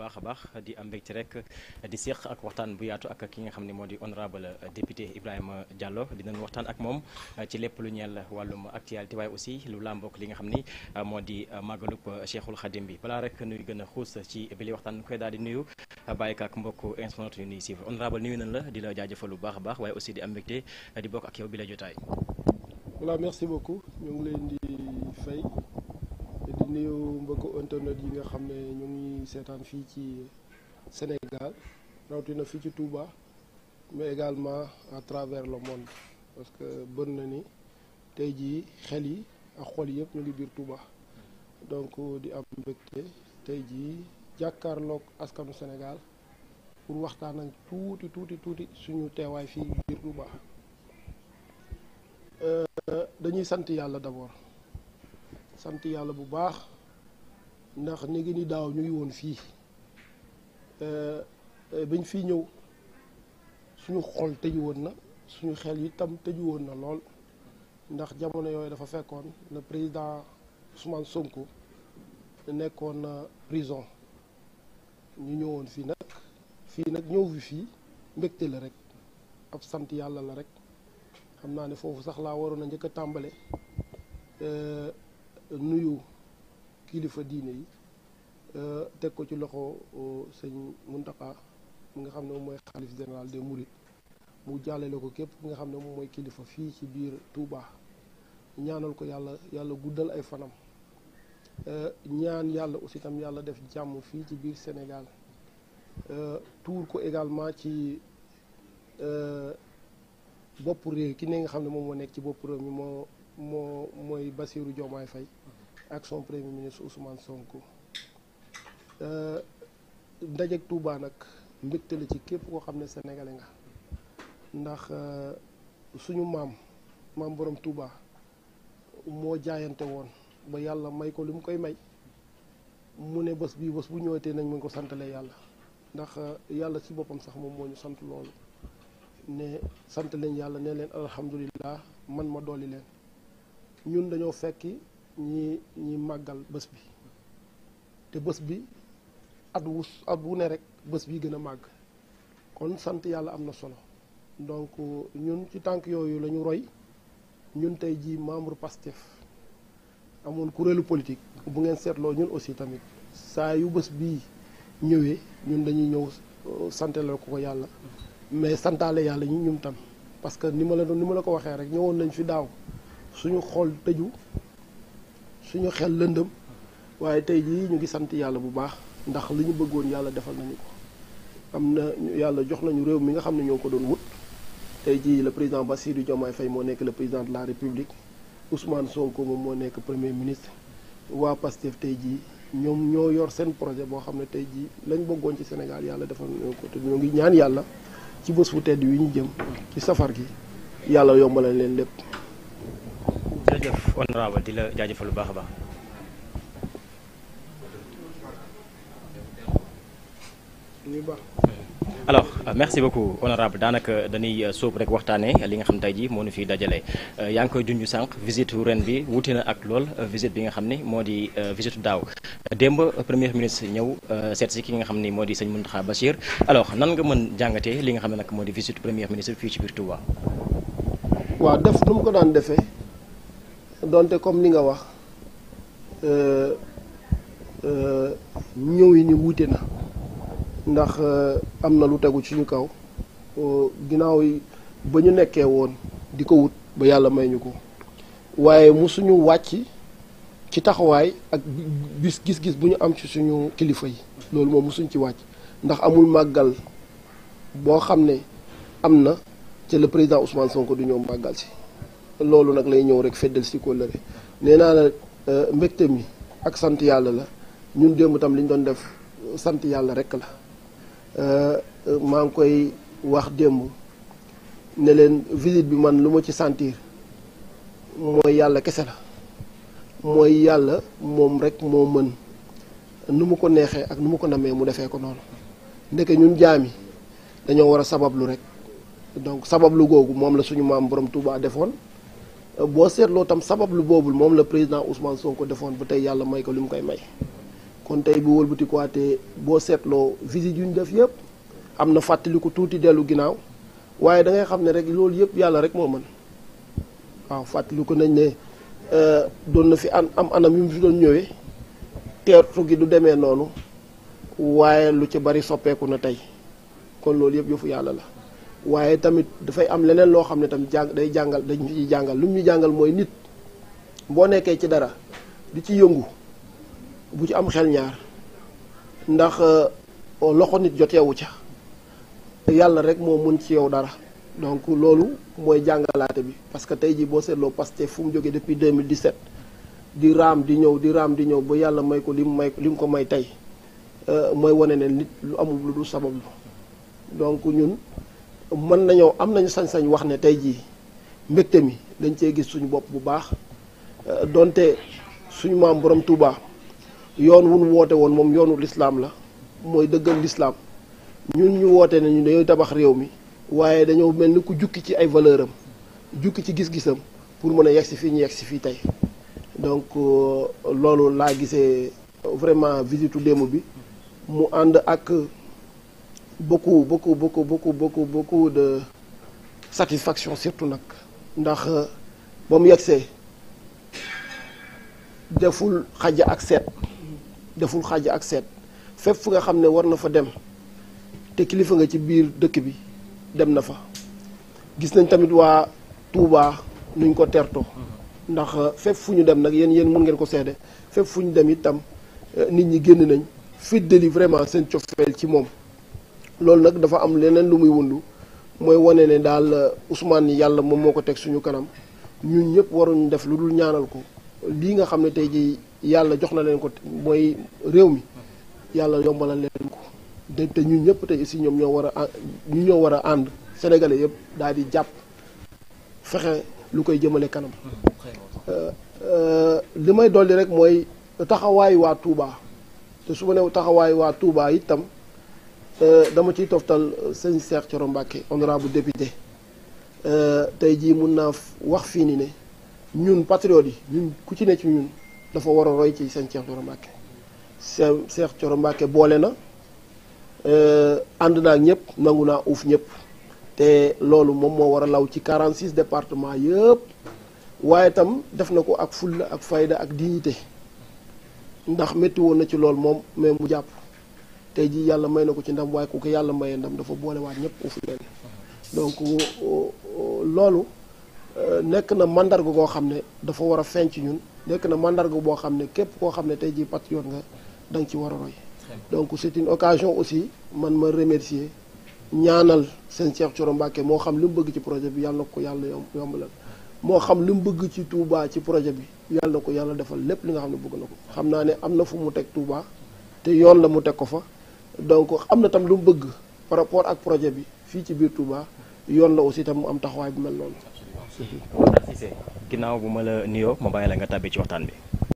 baax a baax di am mbégte rek di séq ak waxtaan bu yaatu ak ki nga xam ne moo di honorable euh, député Ibrahima Diallo dinañ waxtaan ak moom euh, ci lépp lu ñeel wàllum actualité waaye aussi lu làmbook li nga xam ni euh, moo di màggalub Cheikhul Khadim bi balaa rek nuy gën a xuus ci bili waxtaan ñu koy daal di nuyu bàyyi ko ak mbokk internet yu nuy suivre honorable nuyu na la di la jaajëfal bu baax a baax waaye aussi di am mbégte di bokk ak yow bi la jotaay. voilà nuyu mbokku internet yi nga xam ne ñu ngi seetaan fii ci Sénégal na fii ci Touba mais également à travers le monde parce que bën na ni tey jii xel yi ak xol yëpp ñu ngi biir Touba donc di am mbégte tey jii jàkkaarloog askanu Sénégal pour waxtaan ak tuuti tuuti tuuti suñu teewaay fii biir Touba euh, dañuy sant yàlla d'abord. sant yàlla bu baax ndax ni ngi ni daaw ñu woon fii euh, euh, bañ fi ñëw suñu xol tëju woon na suñu xel yi tam tëju woon na lool ndax jamono yooyu dafa fekkoon na président Ousmane Sonko nekkoon na prison ñu ñëwoon fii nag fii nag ñëw fi fii mbégte la rek ab sant yàlla la rek xam naa ne foofu sax laa waroon a njëkk a tàmbale euh, nuyu kilifa diine yi euh, teg ko ci loxo euh, sëñ Muntaqa mi nga xam ne moom mooy xalif général des Mourides mu jàllale ko képp ki nga xam ne moom mooy kilifa fii ci biir Touba ñaanal ko yàlla yàlla guddal ay fanam euh, ñaan yàlla aussi tam yàlla def jàmm fii ci biir senegal tuur ko également ci bopp réew ki ne nga xam ne moom moo nekk ci bopp réew mi moo moo mooy Bassirou Diomaye fay ak son premier ministre Ousmane Sonko euh, ndajeg Touba nag mbégte ci képp koo xam ne sénégalais nga ndax euh, suñu maam maam borom Touba moo jaayante woon ba yàlla may ko li mu koy may mu ne bés bii bés bu ñëwee ñëwatee nañ ngi ko santalee yàlla ndax euh, yàlla si boppam sax moom moo ñu sant loolu ne sant yàlla ne leen alhamdulilah man ma dolli leen ñun dañoo fekki ñi ñi màggal bës bi te bés bi at wu at wu ne rek bés bi gën a màgg kon sant yàlla am na solo donc ñun ci tànk yooyu la ñu roy ñun tey jii membre Pastef amoon kuréelu politique bu ngeen seetloo ñun aussi tamit saa yu bës bii ñëwee ñun dañu ñëw euh, sante la ko ko yàlla mais santaale yàlla ñu ñum tam parce que ni ma la ni ma la ko waxee rek ñëwoon nañ fi daaw suñu xool tëju suñu xel lëndam waaye tey jii ñu ngi sant yàlla bu baax ndax li ñu bëggoon yàlla defal nañu ko am na yàlla jox nañu réew mi nga xam ne ñoo ko doon wut tey jii le président Bassirou Diomaye fay moo nekk le président de la République Ousmane Sonko moom moo nekk premier ministre waa Pastef tey jii ñoom ñoo yor seen projet boo xam ne tey jii lañ bëggoon ci Sénégal yàlla defal nañu ko te ñoo ngi ñaan yàlla ci bés bu tedd wi ñu jëm ci safar gi yàlla yombale leen lépp jërëjëf honorable di la jaajëfal lu a baax alors euh, merci beaucoup honorable daanaka danuy euh, sóob rek waxtaanee li nga xam tey jii moo nu fi dajale euh, yaa ngi koy junj sànq visite ren bi wuti na ak lool visite bi nga xam ne moo di visite daaw démb premier ministre ñëw seet si ki nga xam ni moo di sëñ Mountakha Bachir alors nan nga mën jàngate li nga xam ne nag moo di visite premier ministre fii ci biir Touba. waaw def nu mu ko daan defee. donte comme li nga wax euh, euh, ñëw yi ni wuute na ndax euh, am na lu tegu ci ñu kaw ginnaaw yi ba ñu nekkee woon di ko wut ba yàlla may ñu ko waaye musuñu wàcc ci taxawaay ak bis gis-gis bu ñu am ci suñu kilifa yi loolu moom musuñ ci wàcc ndax amul màggal boo xam ne am na ci le président Ousmane Sonko du ñëw màggal si loolu nag lay ñëw rek feddal si kóllëre nee naa la euh, mbégte mi ak sant yàlla la ñun démb tam li ñu doon def sant yàlla rek la euh, maa ngi koy wax démb ne leen visite bi man lu ma ci sentir mooy yàlla kese la mooy yàlla moom rek moo mën nu mu ko neexee ak nu mu ko namee mu defee ko noonu ndeke ñun jaami dañoo war a sabablu rek donc sabablu googu moom la suñu maam borom tuubaa defoon boo seetloo tam sabab lu boobul moom la président soo ko defoon ba tey yàlla may ko li mu koy may kon tey bu wëlbatikuwaatee boo seetloo visite yu ñu def yëpp am na fàttaliku tuuti dellu ginnaaw waaye dangay xam ne rek loolu yëpp yàlla rek moo mën waaw fàttaliku nañ ne euh, doon na fi an am anam yu fi doon ñëwee teertu gi du demee noonu waaye lu ci bari soppeeku na tey kon loolu yëpp yëfu yàlla la. waaye tamit dafay am leneen loo xam ne tamit jàng day jàngal dañ ciy jàngal lu ñu jàngal mooy nit boo nekkee ci dara di ci yëngu bu ci am xel ñaar ndax euh, loxo nit joteewu ca te yàlla rek moo mën ci yow dara donc loolu mooy jàngalaate bi parce que tey jii boo seetloo Pastef fu mu jógee depuis 2017 di raam di ñëw di raam di ñëw ba yàlla may ko li mu may li mu ko may tey euh, mooy wane ne nit lu amul lu du sabab lu donc ñun mën nañoo am nañu sañ-sañ wax ne tey jii mbégte mi dañ cee gis suñu bopp bu baax euh, donte suñu maam borom Touba yoon wu nu woote woon moom yoonu lislaam la mooy dëggal lislaam ñun ñu woote ne ñu tabax réew mi waaye dañoo mel ni ku jukki ci ay valeur am jukki ci gis-gisam pour mën a yegg si fii ñu yegg si fii tey donc euh, loolu laa gisee vraiment visitu démb bi mu ànd ak beaucoup beaucoup beaucoup beaucoup beaucoup beaucoup de satisfaction surtout nag ndax euh, ba mu yegsee deful xaj ak seet deful xaja ak seet fépp fu nga xam ne war na fa dem te kilifa nga ci biir dëkk bi dem na fa gis nañ tamit waa Touba nuñ ko terto ndax euh, fépp fu ñu dem nag yéen yéen mun ngeen ko seede fépp fu ñu dem itam euh, nit ñi génn nañ fit de li vraiment seen cofeel ci moom loolu nag dafa am leneen lu muy wundu mooy wane ne daal Ousmane yàlla moom moo ko teg suñu kanam ñu ñëpp waruñu def lu dul ñaanal ko lii nga xam ne tey jii yàlla jox na leen ko mooy réew mi yàlla yombalal leen ko de te ñun ñëpp te aussi ñoom ñoo war a ñu ñoo war a ànd sénégalais yëpp daal di jàpp fexe lu koy jëmale kanam euh, euh, li may dolli rek mooy taxawaayu waa tuuba te su ma ne taxawaayu waa Touba itam Euh, dama ciy toftal euh, sëñ Cheikh Thioro Mbacké honorable député euh, tey jii mun naa wax fii ni ne ñun patriote yi ñun ku ci ne ci ñun dafa war a roy ci sëñ Cheikh Thioro Mbacké sëñ Cheikh Thioro boole na ànd naa ñëpp nangu naa uuf ñëpp te loolu moom moo war a law ci 46 départements yëpp waaye tam def na ko ak fulla ak fayda ak dignité ndax métti woon na ci loolu moom mais mu jàpp tey jii yàlla may na ko ci ndam waaye ku ko yàlla mayee ndam dafa boolewaat ñëpp uuf leen donc euh, euh, loolu euh, nekk na mandarga goo xam ne dafa war a fenc ñun nekk na mandarga boo xam ne képp koo xam ne tey jii patriote nga da ci war a roy donc c'est une occasion aussi man ma remercier ñaanal seen Cheikh Thioro Mbacké moo xam li mu bëgg ci projet bi yàlla ko yàlla yombalal moo xam li mu bëgg ci Touba ci projet bi yàlla ko yàlla defal lépp li nga xam ne bëgg na ko xam naa ne am na fu mu teg Touba te yoon la mu teg ko fa donc am na tam lu mu bëgg par rapport ak projet bi fii ci biir Touba yoon la aussi tam mu am taxawaay bu mel noonu. Makhtar Cissé ginnaaw bu ma la nuyoo ma bàyyi la nga tàbbi ci waxtaan bi.